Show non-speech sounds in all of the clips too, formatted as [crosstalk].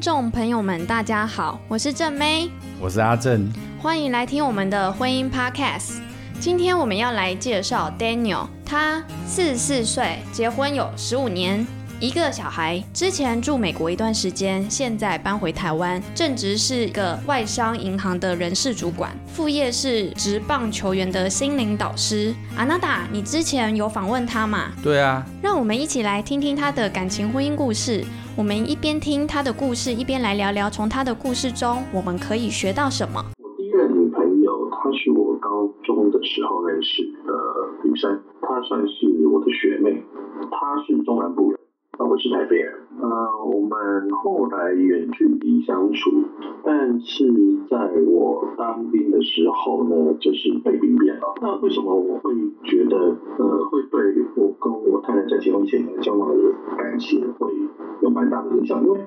觀眾朋友們，大家好，我是正妹，我是阿正，歡迎來聽我們的婚姻 Podcast。今天我們要來介紹 Daniel，他四十四歲，結婚有十五年。一個小孩，之前住美國一段時間，現在搬回台灣，正職是個外商銀行的人事主管，副業是職棒球員的心靈導師。阿娜達，你之前有訪問他嗎？對啊，讓我們一起來聽聽他的感情婚姻故事。我們一邊聽他的故事，一邊來聊聊，從他的故事中我們可以學到什麼。我第一個女朋友，他是我高中的時候認識的女生，她算是我的學妹，她是中南部人。我是台北人，呃，我們後來遠距離相處，但是在我當兵的時候呢，就是被兵變了。那為什麼我會覺得呃會對我跟我太太在結婚前的交往的感情會有蠻大的影響？因為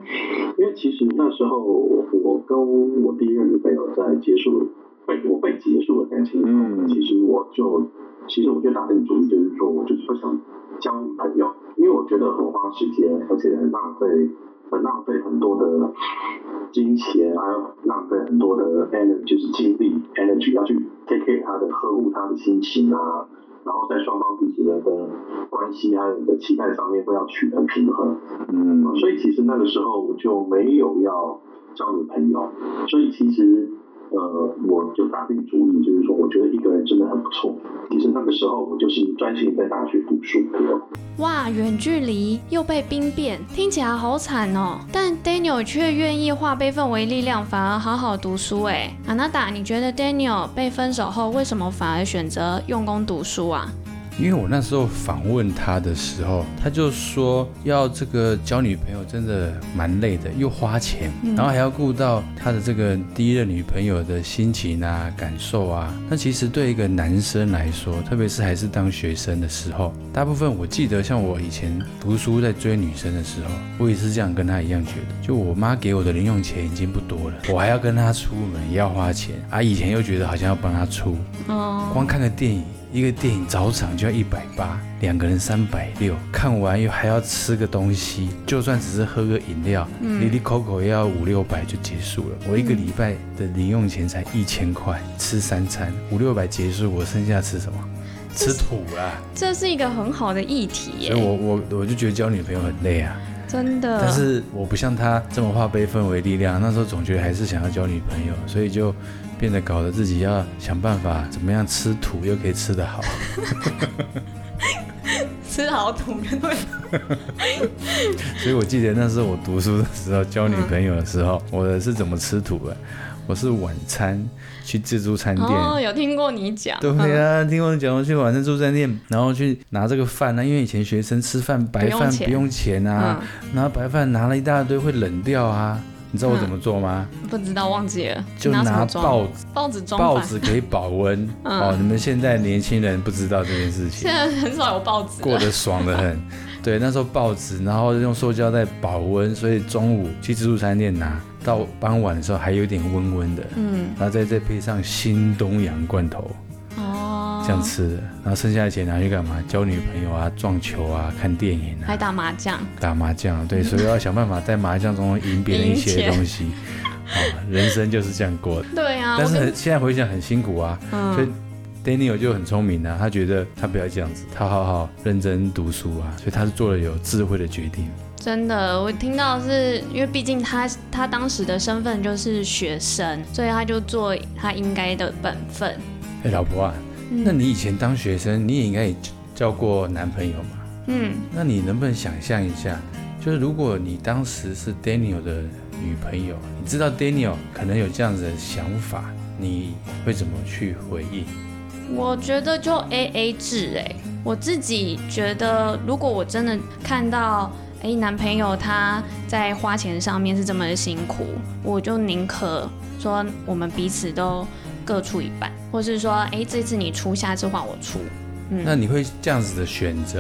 因為其實那時候我跟我第一任女朋友在結束被我被結束了感情之後，嗯，其實我就其實我就打個主意就是說，我就是說想交女朋友。因為我覺得很花時間，而且很浪費，很浪費很多的金錢啊，然後浪費很多的 energy，就是精力 energy，要去 take care 他的，呵護他的心情啊，然後在雙方彼此的的關係還有你的期待上面都要取得平衡。嗯、啊，所以其實那個時候我就沒有要交女朋友，所以其實。呃，我就打定主意，就是說，我覺得一個人真的很不錯。其實那個時候，我就是專心在大學讀書。哇，遠距離又被兵變，聽起來好慘哦。但 Daniel 卻願意化悲憤為力量，反而好好讀書，欸。哎，阿娜達，你覺得 Daniel 被分手後，為什麼反而選擇用功讀書啊？因為我那時候訪問他的時候，他就說要這個交女朋友真的蠻累的，又花錢，然後還要顧到他的這個第一任女朋友的心情啊、感受啊。那其實對一個男生來說，特別是還是當學生的時候，大部分我記得，像我以前讀書在追女生的時候，我也是這樣跟他一樣覺得。就我媽給我的零用錢已經不多了，我還要跟他出門，也要花錢啊。以前又覺得好像要幫他出，光看個電影。一個電影早場就要一百八，兩個人三百六，看完又還要吃個東西，就算只是喝個飲料，嗯，哩哩摳摳要五六百就結束了。我一個禮拜的零用錢才一千塊，吃三餐五六百結束，我剩下吃什麼？吃土啊！這是一個很好的議題。所以我我我就覺得交女朋友很累啊，真的。但是我不像他這麼化悲憤為力量，那時候總覺得還是想要交女朋友，所以就。變得，搞得自己要想辦法怎麼樣吃土又可以吃得好， [laughs] [laughs] 吃好土面對。 [laughs] 所以我記得那時候我讀書的時候交女朋友的時候，嗯、我是怎麼吃土的？我是晚餐去自助餐店。哦，有聽過你講？對啊，嗯、聽過你講，我去晚上自助餐店，然後去拿這個飯啊，因為以前學生吃飯白飯不、嗯、不用錢啊，然後白飯拿了一大堆會冷掉啊。你知道我怎麼做嗎？嗯、不知道，忘記了。就拿報紙，報紙裝，報紙可以保溫、嗯、哦。你們現在年輕人不知道這件事情，現在很少有報紙，過得爽得很。對，那時候報紙，然後用塑膠袋保溫，所以中午去自助餐店拿，到傍晚的時候還有點溫溫的。嗯，然後再再配上新東陽罐頭。這樣吃，然後剩下的錢拿去幹嘛？交女朋友啊，撞球啊，看電影啊，還打麻將，打麻將對，所以要想辦法在麻將中贏別人一些東西、嗯哦、人生就是這樣過的，對啊。但是跟現在回想很辛苦啊，嗯、所以 Daniel 就很聰明啊，他覺得他不要這樣子，他好好認真讀書啊，所以他是做了有智慧的決定。真的，我聽到是因為畢竟他他當時的身份，就是學生，所以他就做他應該的本分。哎、欸，老婆啊。那你以前當學生，你也應該也交過男朋友嘛？嗯，那你能不能想象一下，就是如果你當時是 Daniel 的女朋友，你知道 Daniel 可能有這樣子的想法，你會怎麼去回應？我覺得就 A A 制，哎，我自己覺得，如果我真的看到哎，男朋友他在花錢上面是這麼的辛苦，我就寧可說我們彼此都。各出一半，或是說，哎，這次你出，下次換我出。嗯，那你會這樣子的選擇，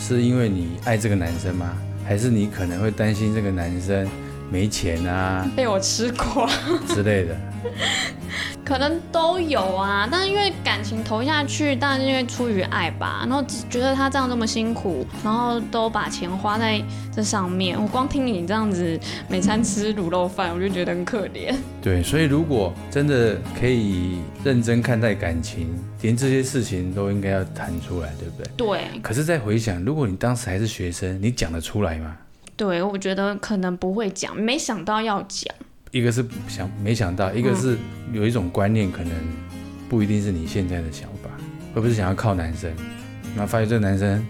是因為你愛這個男生嗎？還是你可能會擔心這個男生？沒錢啊，被我吃過之類的，可能都有啊。但是因為感情投下去，當然因為出於愛吧，然後只覺得他這樣這麼辛苦，然後都把錢花在這上面。我光聽你這樣子每餐吃滷肉飯，我就覺得很可憐。對，所以如果真的可以認真看待感情，連這些事情都應該要談出來，對不對？對。可是再回想，如果你當時還是學生，你講得出來嗎？對，我覺得可能不會講，沒想到要講。一個是想沒想到，一個是有一種觀念，嗯、可能不一定是你現在的想法，會不會想要靠男生？那發現這個男生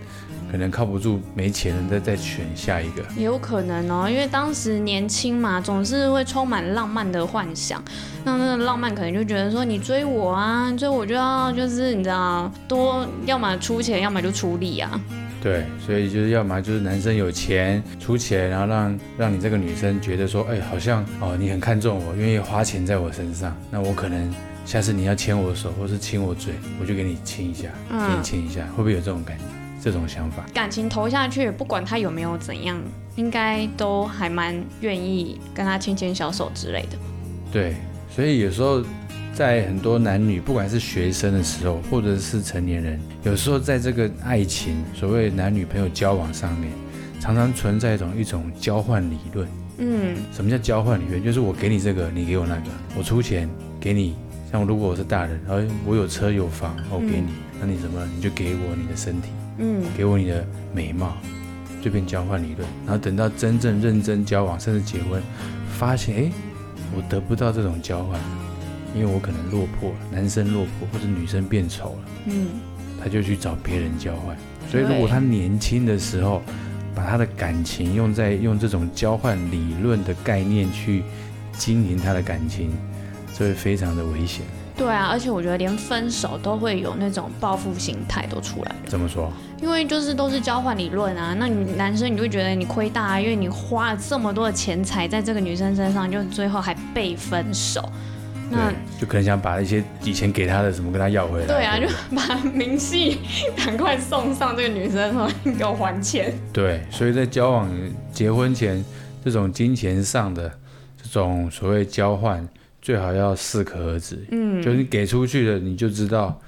可能靠不住，沒錢了再再選下一個。也有可能哦，因為當時年輕嘛，總是會充滿浪漫的幻想。那那個浪漫可能就覺得說，你追我啊，追我就要就是你知道多，要麼出錢，要麼就出力啊。對，所以就是要嘛就是男生有錢出錢，然後讓讓你這個女生覺得說，哎、欸，好像哦，你很看重我，願意花錢在我身上，那我可能下次你要牽我手或是親我嘴，我就給你親一下，給你親一下，嗯、會不會有這種感覺，這種想法？感情投下去，不管他有沒有怎樣，應該都還蠻願意跟他牽牽小手之類的。對，所以有時候。在很多男女，不管是學生的時候，或者是成年人，有時候在這個愛情，所謂男女朋友交往上面，常常存在一種一種交換理論。嗯，什麼叫交換理論？就是我給你這個，你給我那個，我出錢給你。像如果我是大人，然後我有車有房，我給你，那你什麼？你就給我你的身體，嗯，給我你的美貌，這邊交換理論。然後等到真正認真交往，甚至結婚，發現哎，我得不到這種交換。因為我可能落魄了，男生落魄或者女生變醜了，嗯，他就去找別人交換。所以如果他年輕的時候把他的感情用在用這種交換理論的概念去經營他的感情，就會非常的危險。對啊，而且我覺得連分手都會有那種報復心態都出來。怎麼說？因為就是都是交換理論啊，那你男生你就會覺得你虧大啊，因為你花了這麼多的錢財在這個女生身上，就最後還被分手。那對，就可能想把一些以前給他的什麼跟他要回來。對啊，對吧就把明細趕快送上這個女生，說，你給我還錢。對，所以在交往、結婚前，這種金錢上的這種所謂交換，最好要適可而止。嗯，就是你給出去的，你就知道。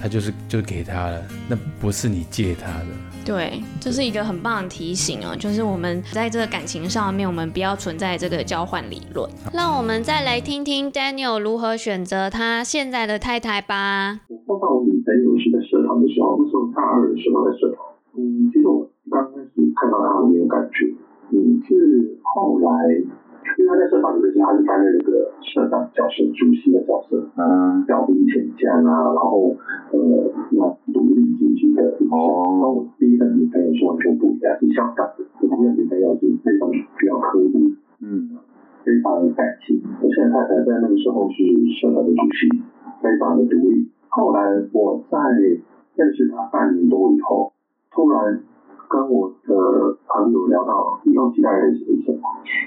他就是就給他了，那不是你借他的。對，這、就是一個很棒的提醒哦、啊，就是我們在這個感情上面，我們不要存在這個交換理論。好讓我們再來聽聽 Daniel 如何選擇他現在的太太吧。包括我們在認識的,的時候，那時候我們是大二的時候在社團嗯，這種剛開始看到他我沒有感覺，你是後來。因為他在社團裡邊，他是擔任那個社長角色，主席的角色，嗯，調兵遣將啊，然後呃，那獨立進去的，哦，然後我第一個女朋友完全不一樣，你像當我第一個女朋友是非常比較刻立，嗯，非常有感情。我現在太太在那個時候是社團的主席，非常的獨立。後來我在認識他半年多以後，突然。跟我的朋友聊到比較期待的一些一些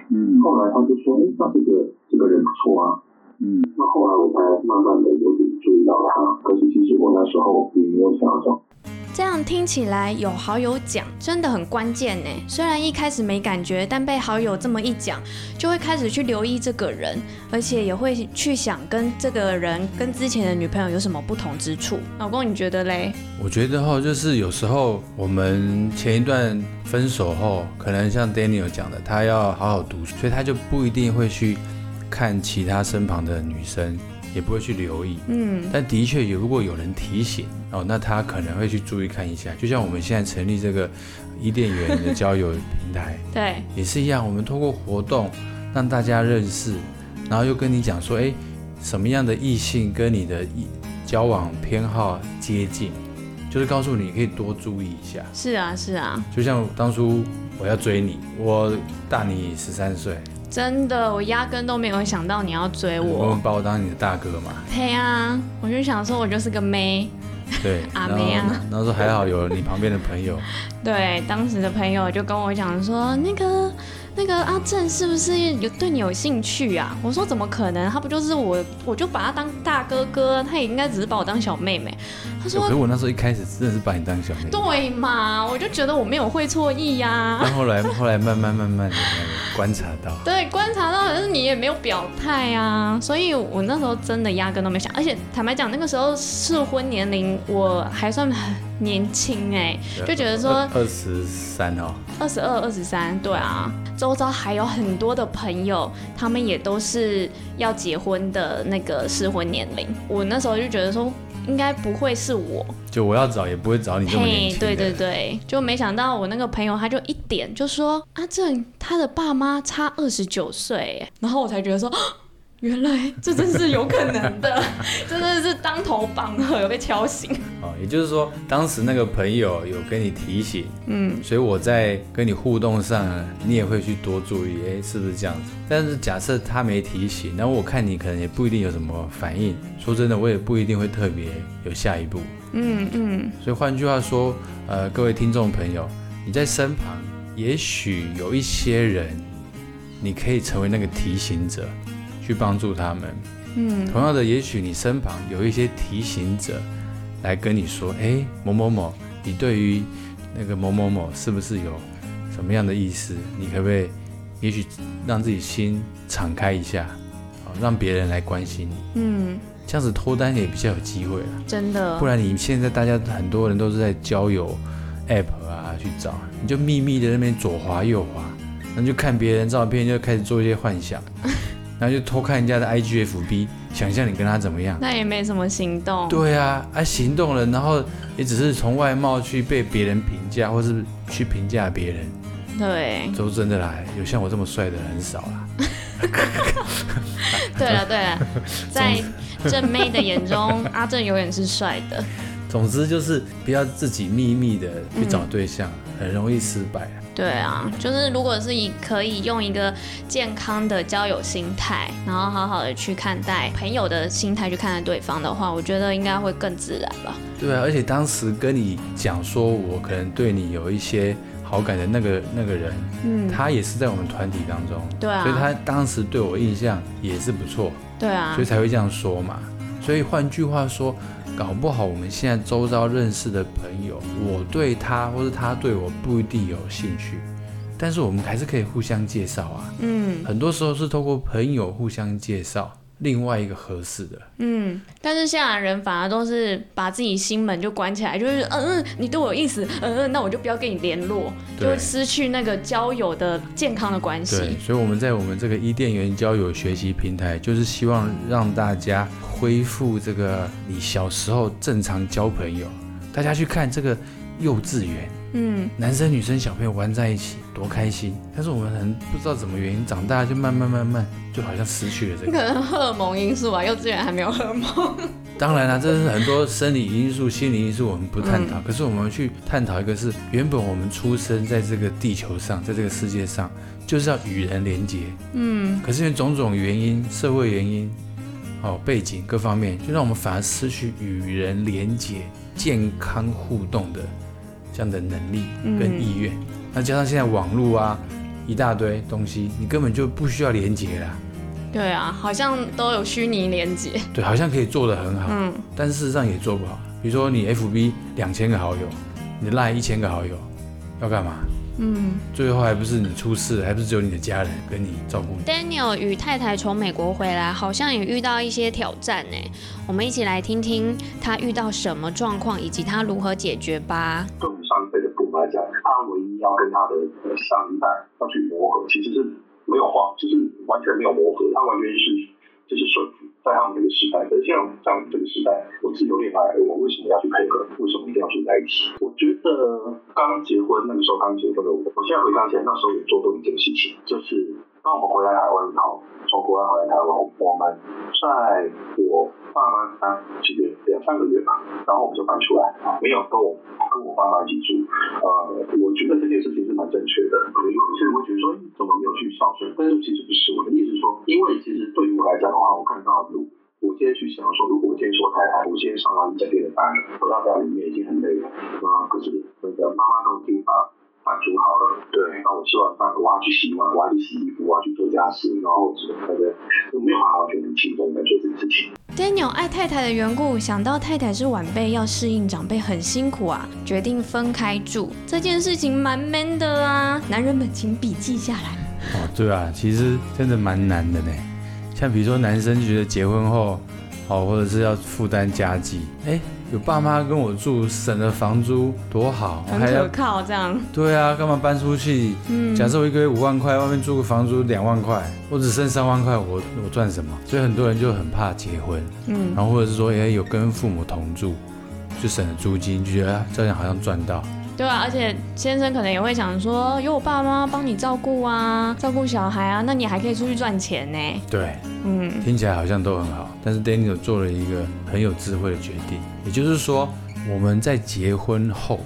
嗯，後來他就說，誒、哎，那這個這個人不錯啊，嗯，那後來我才慢慢的有點注意到他，可是其實我那時候並沒有想要找。這樣聽起來有好友講，真的很關鍵呢。雖然一開始沒感覺，但被好友這麼一講，就會開始去留意這個人，而且也會去想跟這個人跟之前的女朋友有什麼不同之處。老公，你覺得嘞？我覺得哈，就是有時候我們前一段分手後，可能像 Daniel 講的，他要好好讀書，所以他就不一定會去看其他身旁的女生。也不會去留意，嗯，但的確有，如果有人提醒哦，那他可能會去注意看一下。就像我們現在成立這個伊甸緣的交友平台， [laughs] 對，也是一樣，我們通過活動讓大家認識，然後又跟你講說，誒、欸，什麼樣的異性跟你的交交往偏好接近，就是告訴你可以多注意一下。是啊，是啊，就像當初我要追你，我大你十三歲。真的，我壓根都沒有想到你要追我。嗯，你把我當你的大哥嘛？對啊，我就想說，我就是個妹，對，阿、啊、妹啊。然後說還好有你旁邊的朋友。 [laughs] 對，當時的朋友就跟我講說，那個。那個阿正是不是有對你有興趣啊？我說怎麼可能？他不就是我，我就把他當大哥哥，他也應該只是把我當小妹妹。他說，可是我那時候一開始真的是把你當小妹妹，對嘛？我就覺得我沒有會錯意呀、啊。但後來，後來慢慢慢慢慢慢觀察到。對，觀察到，可是你也沒有表態啊，所以我那時候真的壓根都沒想。而且坦白講，那個時候適婚年齡我還算很。年輕哎、欸，就覺得說二十三哦，二十二、二十三，對啊，周遭還有很多的朋友，他們也都是要結婚的那個適婚年齡。我那時候就覺得說，應該不會是我，就我要找也不會找你這麼年輕的，嘿，對對對，就沒想到我那個朋友，他就一點就說阿正，啊、這他的爸媽差二十九歲，然後我才覺得說。原來這真是有可能的。 [laughs] 這真的是當頭棒喝，有被敲醒。哦，也就是說，當時那個朋友有跟你提醒，嗯，所以我在跟你互動上，你也會去多注意，哎，是不是這樣子？但是假設他沒提醒，那我看你可能也不一定有什麼反應。說真的，我也不一定會特別有下一步。嗯嗯。嗯，所以換句話說，呃，各位聽眾朋友，你在身旁，也許有一些人，你可以成為那個提醒者。去幫助他們，嗯，同樣的，也許你身旁有一些提醒者來跟你說：“誒，某某某，你對於那個某某某是不是有什麼樣的意思？你可不可以，也許讓自己心敞開一下，好、哦、讓別人來關心你，嗯，這樣子脫單也比較有機會了，真的。不然你現在大家很多人都是在交友 app 啊去找，你就秘密的那邊左滑右滑，那就看別人照片，就開始做一些幻想。” [laughs] 然後就偷看人家的 IGFB，想象你跟他怎麼樣？那也沒什麼行動。對啊，哎、啊，行動了，然後也只是從外貌去被別人評價，或是去評價別人。對。都真的來有像我這麼帥的人很少啦。 [laughs] 對了對了，在正妹的眼中，阿正永遠是帥的。總之就是不要自己秘密的去找對象，嗯，很容易失敗啊。對啊，就是如果是以可以用一個健康的交友心態，然後好好的去看待朋友的心態去看待對方的話，我覺得應該會更自然吧。對啊，而且當時跟你講說我可能對你有一些好感的那個那個人，嗯，他也是在我們團體當中，對啊，所以他當時對我印象也是不錯，對啊，所以才會這樣說嘛。所以換句話說。搞不好我們現在周遭認識的朋友，我對他或者他對我不一定有興趣，但是我們還是可以互相介紹啊。嗯，很多時候是透過朋友互相介紹。另外一個合適的，嗯，但是現在人反而都是把自己心門就關起來，就是嗯嗯、呃，你對我有意思，嗯、呃、嗯，那我就不要跟你聯絡，對就失去那個交友的健康的關係。對，所以我們在我們這個伊甸緣交友學習平台，就是希望讓大家恢復這個你小時候正常交朋友。大家去看這個幼稚園。嗯，男生女生小朋友玩在一起多開心，但是我們很不知道怎麼原因，長大就慢慢慢慢就好像失去了這個。可能荷爾蒙因素吧，啊，幼稚園還沒有荷爾蒙。當然啦，啊，這是很多生理因素、心理因素，我們不探討。嗯、可是我們去探討一個是，是原本我們出生在這個地球上，在這個世界上就是要與人連結。嗯。可是因為種種原因，社會原因、哦，背景各方面，就讓我們反而失去與人連結、健康互動的這樣的能力跟意願，嗯、那加上現在網絡啊，一大堆東西，你根本就不需要連接了。對啊，好像都有虛擬連接。對，好像可以做得很好。嗯。但是事實上也做不好。比如說你 FB 兩千個好友，你賴一千個好友，要幹嘛？嗯。最後還不是你出事，還不是只有你的家人跟你照顧你。Daniel 與太太從美國回來，好像也遇到一些挑戰呢。我們一起來聽聽他遇到什麼狀況，以及他如何解決吧。要跟他的上一代要去磨合，其實是沒有話，就是完全沒有磨合，他完全是就是順服、就是、在他們這個時代。可是現在，在我們這個時代，我自由戀愛，我為什麼要去配合，為什麼一定要住在一起？我覺得剛結婚那個時候，剛結婚的我，我現在回想起來，那時候有做多一件事情，就是當我們回來台灣以後。從國外回來，我我們在我爸媽家、啊、其實兩三個月吧，然後我們就搬出來，啊、沒有跟我跟我爸媽一起住。啊、呃，我覺得這件事情是蠻正確的。所以我覺得說，你、哎、怎麼沒有去上學，但是其實不是，我的意思是說，因為其實對於我來講的話，我看到，如我今天去想說，如果我先說太太，我先上了你這邊的班，我家裡面已經很累了啊、嗯，可是那個媽媽都挺好。煮好了，對，然後吃完飯，我要去洗碗，我要去洗衣服，我要去做家事，然後我對不對？我沒有辦法覺得很輕鬆在做這件事情。Daniel 愛太太的緣故，想到太太是晚輩，要適應長輩很辛苦啊，決定分開住。這件事情蠻悶的啦、啊，男人們請筆記下來。哦，對啊，其實真的蠻難的呢。像比如說男生覺得結婚後，哦，或者是要負擔家計，哎、欸。有爸媽跟我住，省了房租多好，還有靠這樣。對啊，幹嘛搬出去？假設我一個月五萬塊，外面租個房租兩萬塊，我只剩三萬塊，我我賺什麼？所以很多人就很怕結婚，嗯，然後或者是說，哎，有跟父母同住就省了租金，就覺得這樣好像賺到。對啊，而且先生可能也會想說：“有我爸爸媽媽幫你照顧啊，照顧小孩啊，那你還可以出去賺錢呢。”對，嗯，聽起來好像都很好。但是 Daniel 做了一個很有智慧的決定，也就是說，我們在結婚後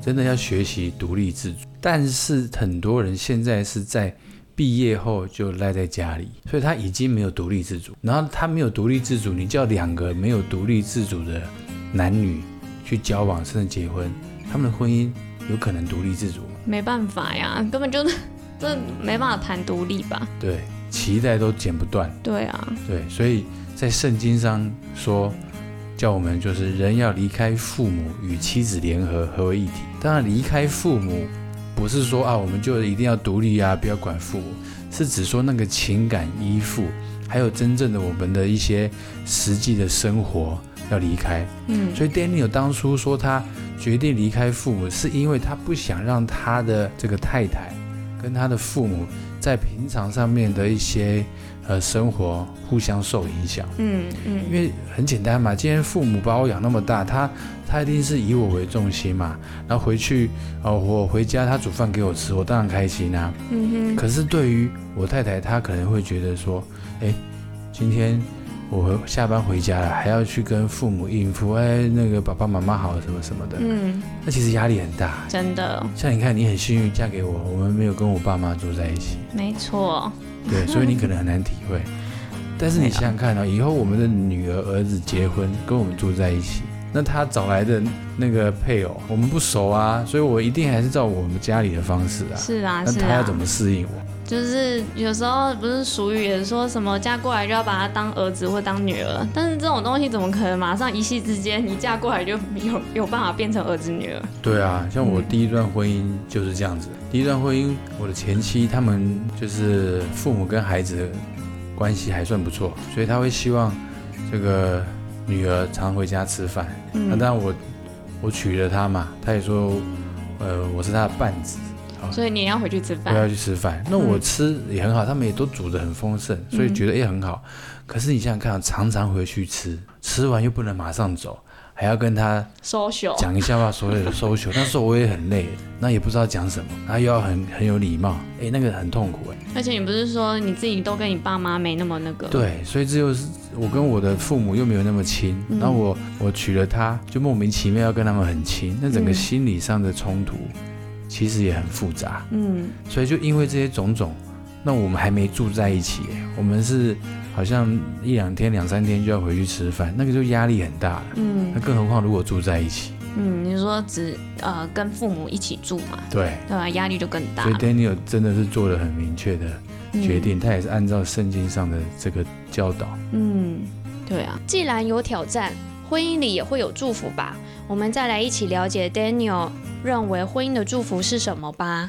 真的要學習獨立自主。但是很多人現在是在畢業後就賴在家裡，所以他已經沒有獨立自主。然後他沒有獨立自主，你叫兩個沒有獨立自主的男女去交往，甚至結婚。他們的婚姻有可能獨立自主，沒辦法呀，根本就這沒辦法談獨立吧？對，臍帶都剪不斷。對啊，對，所以在聖經上說，叫我們就是人要離開父母，與妻子聯合，合為一體。當然，離開父母不是說啊，我們就一定要獨立啊，不要管父母，是指說那個情感依附，還有真正的我們的一些實際的生活。要離開，嗯，所以 Daniel 當初說他決定離開父母，是因為他不想讓他的這個太太跟他的父母在平常上面的一些呃生活互相受影響，嗯嗯，因為很簡單嘛，今天父母把我養那麼大，他他一定是以我為重心嘛，然後回去哦，我回家他煮飯給我吃，我當然開心啊，可是對於我太太，她可能會覺得說，欸，今天。我下班回家了，還要去跟父母應付。哎，那個爸爸媽媽好什麼什麼的。嗯，那其實壓力很大，真的。像你看，你很幸運嫁給我，我們沒有跟我爸媽住在一起。沒錯。對。所以你可能很難體會。 [laughs] 但是你想想看啊、哦，以後我們的女兒兒子結婚，跟我們住在一起，那他找來的那個配偶，我們不熟啊，所以我一定還是照我們家裡的方式啊。是啊。那他要怎麼適應我？就是有時候不是俗語說什麼嫁過來就要把他當兒子或當女兒，但是這種東西怎麼可能馬上一夕之間，你嫁過來就有有辦法變成兒子女兒？對啊，像我第一段婚姻就是這樣子。第一段婚姻，我的前妻他們就是父母跟孩子的關係還算不錯，所以他會希望這個女兒常回家吃飯。那當然我我娶了她嘛，她也說呃，我是她的半子。哦、所以你也要回去吃飯，要去吃飯。那我吃也很好，嗯、他們也都煮得很豐盛，所以覺得也、嗯欸、很好。可是你想想看，常常回去吃，吃完又不能馬上走，還要跟他 social 講一下吧。所有的 social，但是我也很累，那也不知道講什麼，他又要很很有禮貌，哎、欸，那個很痛苦哎、欸。而且你不是說你自己都跟你爸媽沒那麼那個？對，所以這就是我跟我的父母又沒有那麼親。那、嗯、我我娶了她，就莫名其妙要跟他們很親，那整個心理上的衝突。其實也很複雜，嗯，所以就因為這些種種，那我們還沒住在一起，我們是好像一兩天、兩三天就要回去吃飯，那個就壓力很大了，嗯，那更何況如果住在一起，嗯，你、就是、說只呃跟父母一起住嘛。對，對啊，壓力就更大。所以 Daniel 真的是做了很明確的決定，嗯、他也是按照聖經上的這個教導，嗯，對啊，既然有挑戰，婚姻裡也會有祝福吧？我們再來一起了解 Daniel 認為婚姻的祝福是什麼吧。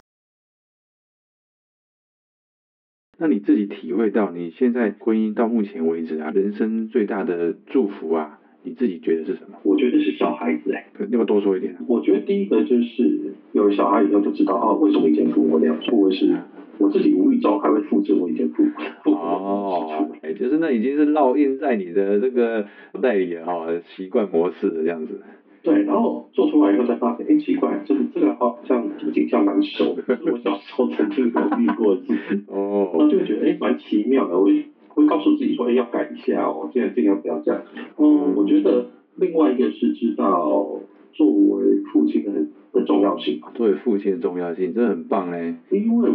那你自己體會到你現在婚姻到目前為止啊，人生最大的祝福啊，你自己覺得是什麼？我覺得是小孩子哎、欸，要不要多說一點、啊？我覺得第一個就是有小孩以後就知道啊，為什麼以前跟我兩錯的事。嗯我自己無意中還會複制，我以前復復古哎，就是那已經是烙印在你的這個代理人哈習慣模式的樣子。對，然後做出來以後才發現，哎、欸，奇怪，這、就是、這個好像這個景象蠻熟，的。 [laughs] 我小時候曾經有遇過自己。哦。我就覺得，哎、欸，蠻奇妙的。我會我會告訴自己說，哎、欸，要改一下哦，現在儘量不要這樣。嗯，嗯我覺得另外一個是知道作為父親的重要性。作為父親的,的重要性，真的很棒哎、欸欸。因為。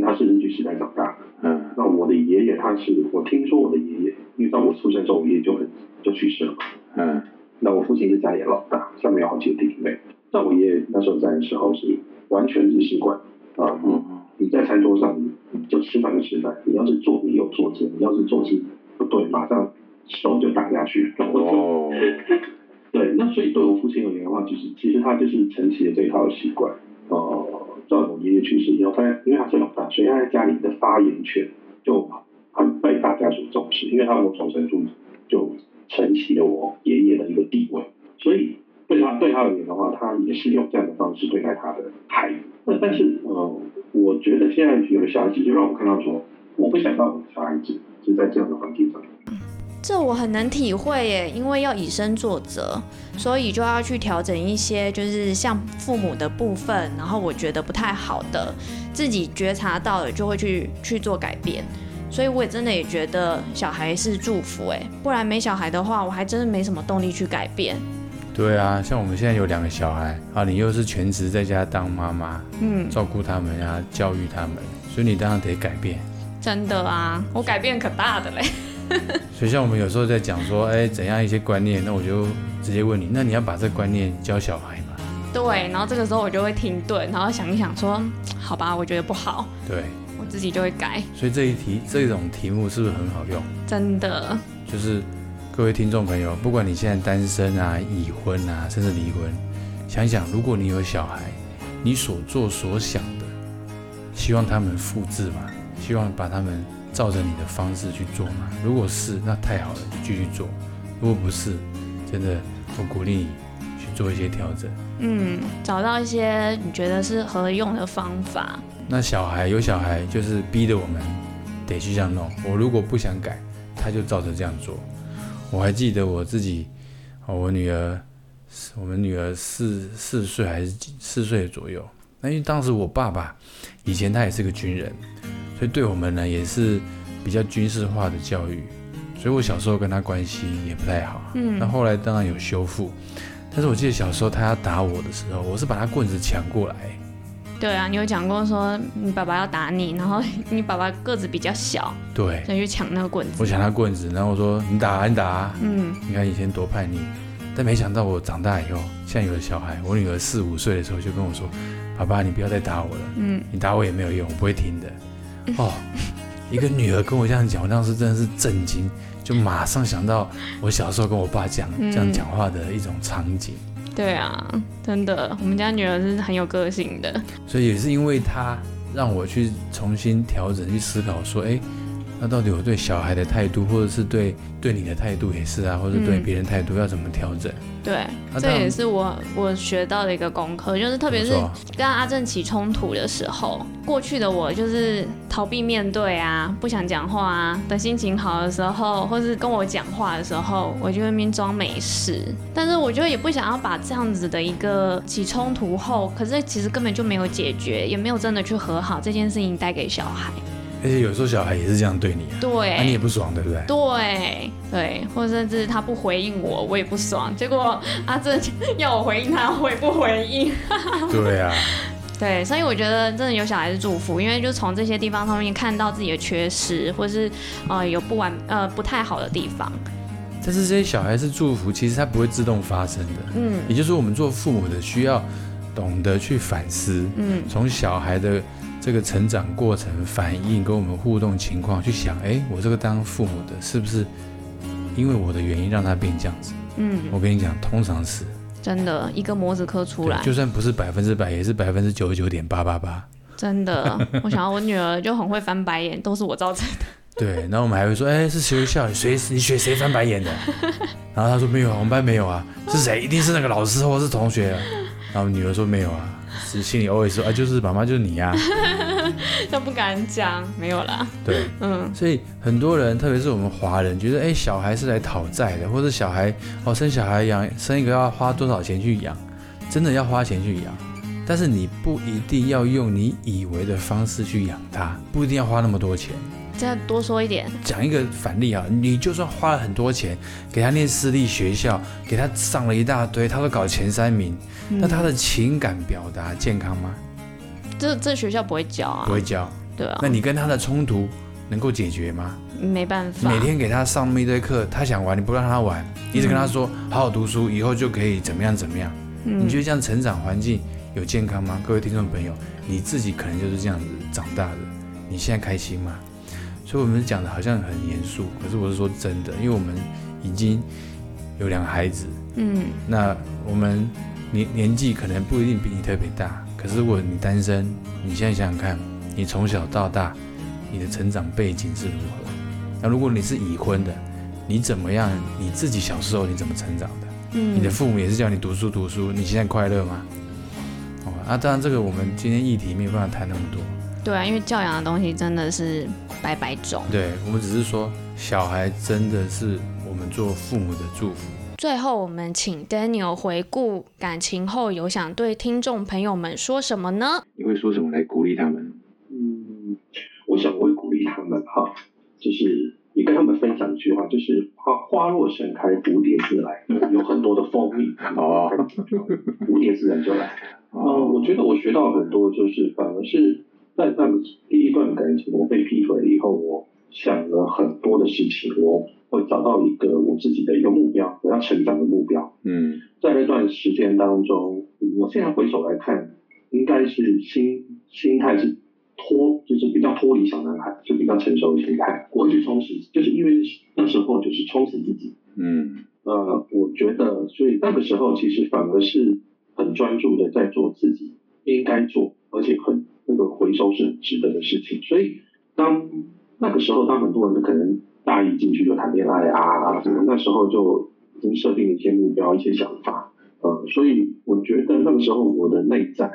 他是在日據時代長大的，嗯，那我的爺爺，他是我聽說我的爺爺，因為在我出生之後，我爺爺就很就去世了，嗯，那我父親是家裡的老大，下面有好幾個弟弟妹妹，那我爺爺那時候在的時候是完全日式慣，啊，嗯嗯，你在餐桌上，你就吃飯就吃飯，你要是坐你有坐姿，你要是坐姿不對，馬上手就打下去，哦， [laughs] 對，那所以對我父親而言的話，就是其實他就是承襲了這一套習慣，哦、嗯。在我爺爺去世以後，他因為他是老大，所以他在家裡的發言權就很被大家所重視。因為他我從小就就承襲了我爺爺的一個地位，所以對他對他而言的話，他也是用這樣的方式對待他的孩子。那但是，呃我覺得現在有了小孩子，就讓我看到說，我不想到我的小孩子是在這樣的環境中。這我很能體會耶，因為要以身作則，所以就要去調整一些，就是像父母的部分。然後我覺得不太好的，自己覺察到了，就會去去做改變。所以我也真的也覺得小孩是祝福哎，不然沒小孩的話，我還真的沒什麼動力去改變。對啊，像我們現在有兩個小孩啊，你又是全職在家當媽媽，嗯，照顧他們呀、啊，教育他們，所以你當然得改變。真的啊，我改變可大的嘞。 [laughs] 所以像我們有時候在講說，哎，怎樣一些觀念？那我就直接問你，那你要把這觀念教小孩嗎？對，然後這個時候我就會停頓，然後想一想說，好吧，我覺得不好，對，我自己就會改。所以這一題這一種題目是不是很好用？真的，就是各位聽眾朋友，不管你現在單身啊、已婚啊，甚至離婚，想一想，如果你有小孩，你所做所想的，希望他們複製吧，希望把他們。照着你的方式去做嘛，如果是，那太好了，就繼續做；如果不是，真的，我鼓勵你去做一些調整。嗯，找到一些你覺得是合用的方法。那小孩有小孩，就是逼着我們得去這樣弄。我如果不想改，他就照着這樣做。我還記得我自己，我女兒，我們女兒四四歲還是四歲左右，那因為當時我爸爸以前他也是個軍人。所以對我們呢也是比較軍事化的教育，所以我小時候跟他關係也不太好。嗯。那後來當然有修復，但是我記得小時候他要打我的時候，我是把他棍子搶過來。對啊，你有講過說你爸爸要打你，然後你爸爸個子比較小。對。那就搶那個棍子。我搶他棍子，然後我說你打啊，你打啊，嗯，你看以前多叛逆，但沒想到我長大以後，現在有了小孩，我女兒四五歲的時候就跟我說：“嗯、爸爸，你不要再打我了，嗯，你打我也沒有用，我不會聽的。”哦，一個女兒跟我這樣講，我當時真的是震驚，就馬上想到我小時候跟我爸講這樣講話的一種場景。嗯，對啊，真的，我們家女兒是很有個性的，所以也是因為她讓我去重新調整，去思考說，哎。那到底我對小孩的態度，或者是對對你的態度也是啊，或者對別人態度要怎麼調整？嗯、對，啊、這也是我我學到的一個功課，就是特別是跟阿正起衝突的時候，過去的我就是逃避面對啊，不想講話啊。等心情好的時候，或是跟我講話的時候，我就會明裝沒事。但是我就也不想要把這樣子的一個起衝突後，可是其實根本就沒有解決，也沒有真的去和好這件事情帶給小孩。而且有時候小孩也是這樣對你啊，對，你也不爽，對不對？對對，或者甚至他不回應我，我也不爽。結果阿正要我回應他，我也不回應。對啊，對，所以我覺得真的有小孩是祝福，因為就從這些地方上面看到自己的缺失，或是啊，有不完呃不太好的地方。但是這些小孩是祝福，其實它不會自動發生的。嗯，也就是說，我們做父母的需要懂得去反思。嗯，從小孩的。這個成長過程反應跟我們互動情況，嗯、去想，哎，我這個當父母的，是不是因為我的原因讓他變這樣子？嗯，我跟你講，通常是真的，一個模子刻出來，就算不是百分之百，也是百分之九十九點八八八。真的，我想要我女兒就很會翻白眼， [laughs] 都是我造成的。對，然後我們還會說，哎， [laughs] 是學校，誰你，你學誰翻白眼的？ [laughs] 然後她說沒有，我們班沒有啊，是誰？ [laughs] 一定是那個老師或是同學，啊。然後女兒說沒有啊。只是心裡偶爾說，啊，就是媽媽就是你呀，啊，都不敢講，沒有啦。對，嗯，所以很多人，特別是我們華人，覺得，哎，欸，小孩是來討債的，或者小孩哦，生小孩養，生一個要花多少錢去養，真的要花錢去養，但是你不一定要用你以為的方式去養他，不一定要花那麼多錢。再多說一點，講一個反例啊！你就算花了很多錢給他念私立學校，給他上了一大堆，他都搞前三名，嗯、那他的情感表達健康嗎？這這學校不會教啊，不會教。對啊，那你跟他的衝突能夠解決嗎？沒辦法。每天給他上一堆課，他想玩你不讓他玩，一直跟他說、嗯、好好讀書，以後就可以怎麼樣怎麼樣。嗯、你覺得這樣成長環境有健康嗎？各位聽眾朋友，你自己可能就是這樣子長大的，你現在開心嗎？所以我們講的好像很嚴肅，可是我是說真的，因為我們已經有兩個孩子，嗯，那我們年年紀可能不一定比你特別大，可是如果你單身，你現在想想看，你從小到大，你的成長背景是如何？那如果你是已婚的，你怎麼樣？你自己小時候你怎麼成長的？嗯，你的父母也是叫你讀書讀書，你現在快樂嗎？哦，那、啊、當然，這個我們今天議題沒有辦法談那麼多。對啊，因為教養的東西真的是。白，白對，我們只是說，小孩真的是我們做父母的祝福。嗯、最後，我們請 Daniel 回顧感情後，有想對聽眾朋友們說什麼呢？你會說什麼來鼓勵他們？嗯，我想我會鼓勵他們哈、啊，就是你跟他們分享一句話，就是、啊、花花若盛開，蝴蝶自來， [laughs] 有很多的蜂蜜啊，蝴、嗯、蝶吧自然就來好、嗯。我覺得我學到很多，就是反而是。在那個第一段感情，我被劈腿了以後，我想了很多的事情，我會找到一個我自己的一個目標，我要成長的目標。嗯，在那段時間當中，我現在回首來看，應該是心心態是脫，就是比較脫離小男孩，就是比較成熟的心態，過去充實，就是因為那時候就是充實自己。嗯，呃，我覺得所以那個時候其實反而是很專注的在做自己應該做，而且很。那個回收是值得的事情，所以當那個時候，當很多人可能大一進去就談戀愛啊什麼，可那時候就已經設定一些目標、表一些想法、呃，所以我覺得那個時候我的內在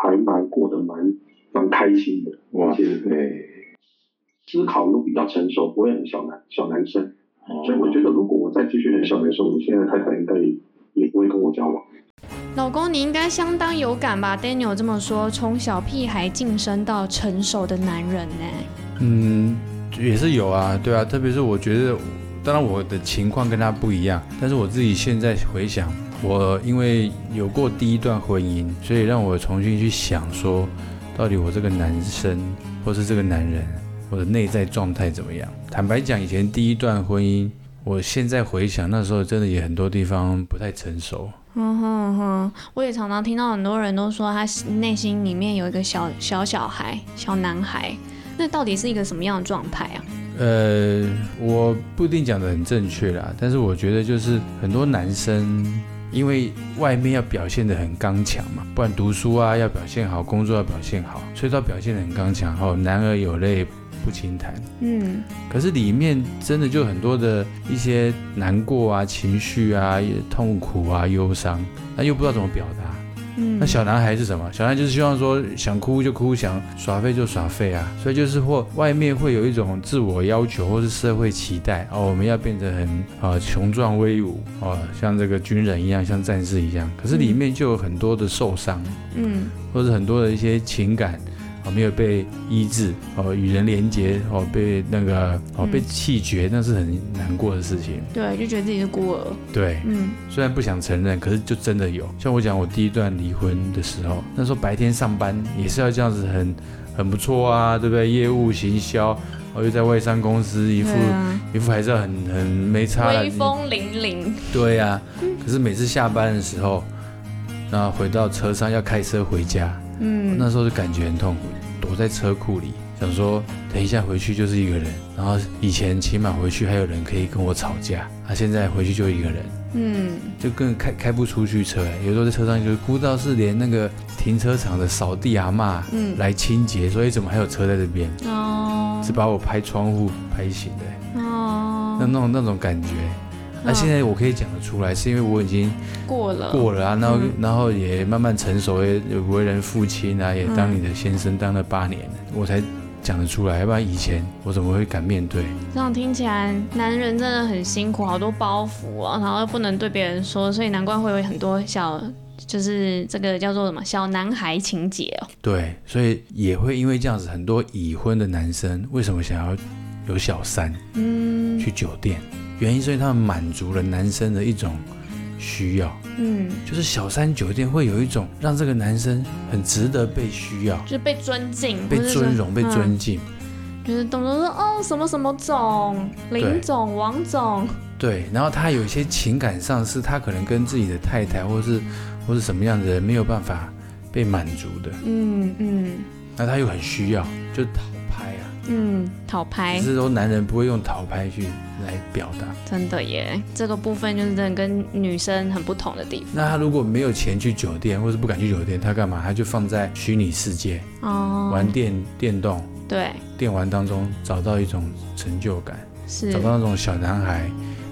還還蠻過得蠻蠻開心的。哇，對，思考又比較成熟，不會很小男小男生。所以我覺得如果我再繼續很小男生，我現在太太應該也不會跟我交往。老公，你應該相當有感吧？Daniel 這麼說，從小屁孩晉升到成熟的男人呢？嗯，也是有啊，對啊，特別是我覺得，當然我的情況跟他不一樣，但是我自己現在回想，我因為有過第一段婚姻，所以讓我重新去想說，說到底我這個男生或是這個男人，我的內在狀態怎麼樣？坦白講，以前第一段婚姻，我現在回想那時候真的也很多地方不太成熟。嗯哼哼，我也常常聽到很多人都說他內心裡面有一個小小小孩，小男孩，那到底是一個什麼樣的狀態啊？呃，我不一定講得很正確啦，但是我覺得就是很多男生因為外面要表現得很剛強嘛，不然讀書啊要表現好，工作要表現好，所以他表現得很剛強，好男兒有淚不輕彈，嗯，可是裡面真的就很多的一些難過啊、情緒啊、痛苦啊、憂傷，那又不知道怎麼表達，嗯，那小男孩是什麼？小男孩就是希望說，想哭就哭，想耍廢就耍廢啊，所以就是或外面會有一種自我要求，或是社會期待哦，我們要變得很啊雄壯威武啊，哦，像這個軍人一樣，像戰士一樣，可是裡面就有很多的受傷，嗯，或者很多的一些情感。沒有被醫治哦，與人連結哦，被那個哦，嗯、被棄絕，那是很難過的事情。對，就覺得自己是孤兒。對，嗯，雖然不想承認，可是就真的有。像我講，我第一段離婚的時候，那時候白天上班也是要這樣子很，很很不錯啊，對不對？業務行銷，我又在外商公司，一副、啊、一副還是很很沒差，威風凜凜。對呀、啊，可是每次下班的時候，那回到車上要開車回家，嗯，那時候就感覺很痛苦。在車庫裡，想說等一下回去就是一個人，然後以前起碼回去還有人可以跟我吵架，他、啊、現在回去就一個人，嗯，就更開開不出去車，有時候在車上就是估到是連那個停車場的掃地阿嬤、嗯、來清潔，所以怎麼還有車在這邊？哦，是把我拍窗戶拍醒的，哦，那那種那種感覺。那、啊、現在我可以講得出來，是因為我已經過了過了啊，嗯、然後然後也慢慢成熟，也為人父親啊，也當你的先生、嗯、當了八年，我才講得出來。要不然以前我怎麼會敢面對？這樣聽起來，男人真的很辛苦，好多包袱哦。然後又不能對別人說，所以難怪會有很多小，就是這個叫做什麼小男孩情節哦。對，所以也會因為這樣子，很多已婚的男生為什麼想要有小三？嗯，去酒店。嗯原因是因為他們滿足了男生的一種需要，嗯，就是小三酒店會有一種讓這個男生很值得被需要被，就是被尊敬、就是、被尊榮、嗯、被尊敬，就是懂得說哦什麼什麼總林總、對王總種，對。然後他有一些情感上是他可能跟自己的太太或是或是什麼樣的人沒有辦法被滿足的，嗯嗯，嗯那他又很需要，就。嗯，討拍，只是說男人不會用討拍去來表達，真的耶，這個部分就是真的跟女生很不同的地方。那他如果沒有錢去酒店，或是不敢去酒店，他幹嘛？他就放在虛擬世界哦，玩電電動，對，電玩當中找到一種成就感，是找到那種小男孩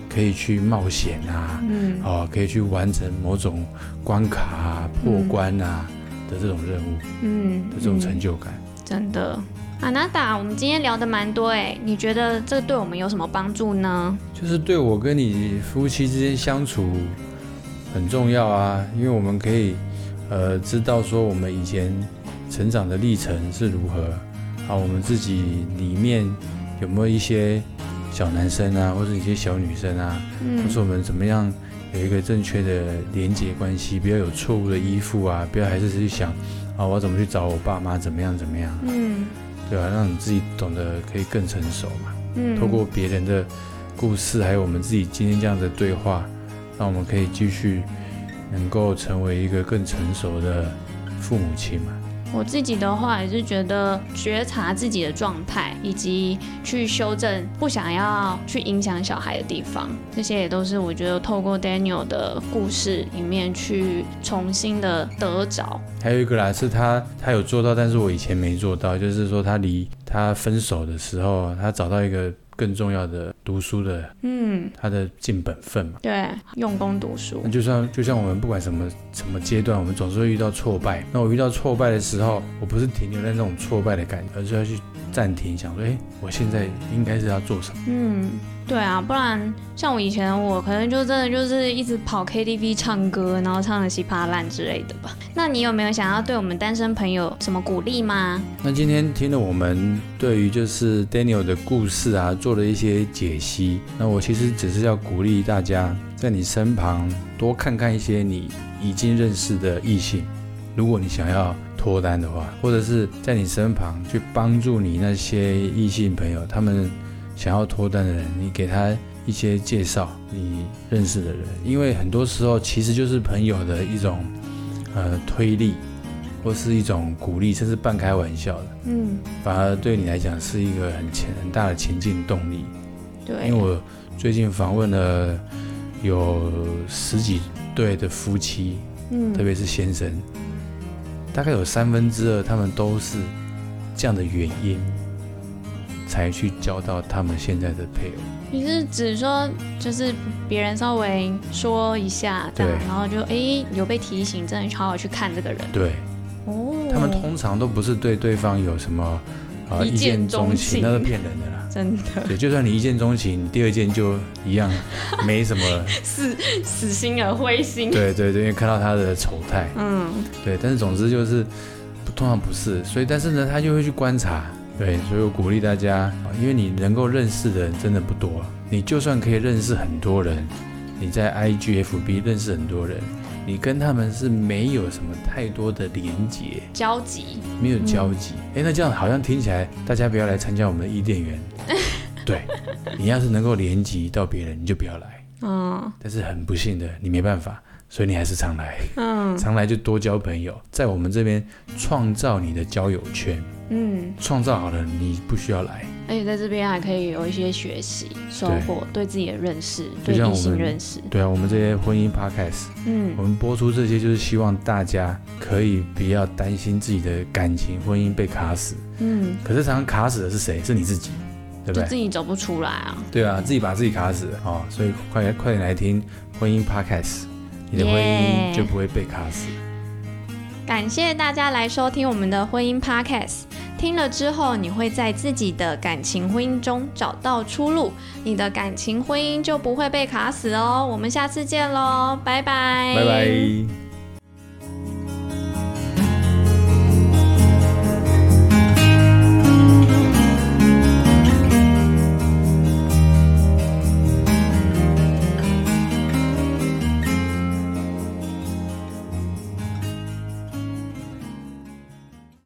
可以去冒險啊，嗯，哦、呃，可以去完成某種關卡啊、破關啊的這種任務，嗯，嗯嗯的這種成就感。真的，阿娜達，我們今天聊得蠻多哎，你覺得這個對我們有什麼幫助呢？就是對我跟你夫妻之間相處很重要啊，因為我們可以呃知道說我們以前成長的歷程是如何，然、啊、我們自己裡面有沒有一些小男生啊，或者一些小女生啊，嗯、或是我們怎麼樣有一個正確的連接關係，不要有錯誤的依附啊，不要還是去想。啊，我怎麼去找我爸媽？怎麼樣？怎麼樣？嗯，對吧？讓你自己懂得可以更成熟嘛。嗯，透過別人的故事，還有我們自己今天這樣的對話，讓我們可以繼續能夠成為一個更成熟的父母親嘛。我自己的話也是覺得覺察自己的狀態，以及去修正不想要去影響小孩的地方，這些也都是我覺得透過 Daniel 的故事裡面去重新的得着。還有一個啦，是他他有做到，但是我以前沒做到，就是說他離他分手的時候，他找到一個更重要的。讀書的，嗯，他的盡本分嘛，對，用功讀書。那就像就像我們不管什麼什麼階段，我們總是會遇到挫敗。那我遇到挫敗的時候，我不是停留在那種挫敗的感覺，而是要去暫停，想說，哎，我現在應該是要做什麼？嗯。對啊，不然像我以前，我可能就真的就是一直跑 KTV 唱歌，然後唱得稀巴爛之類的吧。那你有沒有想要對我們單身朋友什麼鼓勵嗎？那今天聽了我們對於就是 Daniel 的故事啊，做了一些解析。那我其實只是要鼓勵大家，在你身旁多看看一些你已經認識的異性。如果你想要脫單的話，或者是在你身旁去幫助你那些異性朋友，他們。想要脫單的人，你給他一些介紹你認識的人，因為很多時候其實就是朋友的一種呃推力，或是一種鼓勵，甚至半開玩笑的，嗯，反而對你來講是一個很前很大的前進動力。對，因為我最近訪問了有十幾對的夫妻，嗯，特別是先生，大概有三分之二他們都是這樣的原因。才去交到他們現在的配偶。你是指說，就是別人稍微說一下，對，然後就哎對、欸、有被提醒，真的好好去看這個人。對，哦。他們通常都不是對對方有什麼啊一見鍾情，那是騙人的啦。真的。對，就算你一見鍾情，你第二見就一樣，沒什麼 [laughs] 死。死死心而灰心。對對對，因為看到他的醜態。嗯。對，但是總之就是不通常不是，所以但是呢，他就會去觀察。對，所以我鼓勵大家，因為你能夠認識的人真的不多。你就算可以認識很多人，你在 I G F B 認識很多人，你跟他們是沒有什麼太多的連結、交集，沒有交集。哎、嗯，那這樣好像聽起來，大家不要來參加我們的伊甸緣。 [laughs] 對，你要是能夠連結到別人，你就不要來。嗯，但是很不幸的，你沒辦法。所以你還是常來，嗯，常來就多交朋友，在我們這邊創造你的交友圈，嗯，創造好了你不需要來，而且在這邊還可以有一些學習收穫，對，對自己的認識，就像我們對異性認識，對啊，我們這些婚姻 podcast，嗯，我們播出這些就是希望大家可以不要擔心自己的感情婚姻被卡死，嗯，可是常常卡死的是誰？是你自己，對不對？就自己走不出來啊，對啊，自己把自己卡死啊，哦，所以快快點來聽婚姻 podcast。你的婚姻就不會被卡死 Yeah。感謝大家來收聽我們的婚姻 Podcast，聽了之後你會在自己的感情婚姻中找到出路，你的感情婚姻就不會被卡死哦。我們下次見嘍，拜拜，拜拜。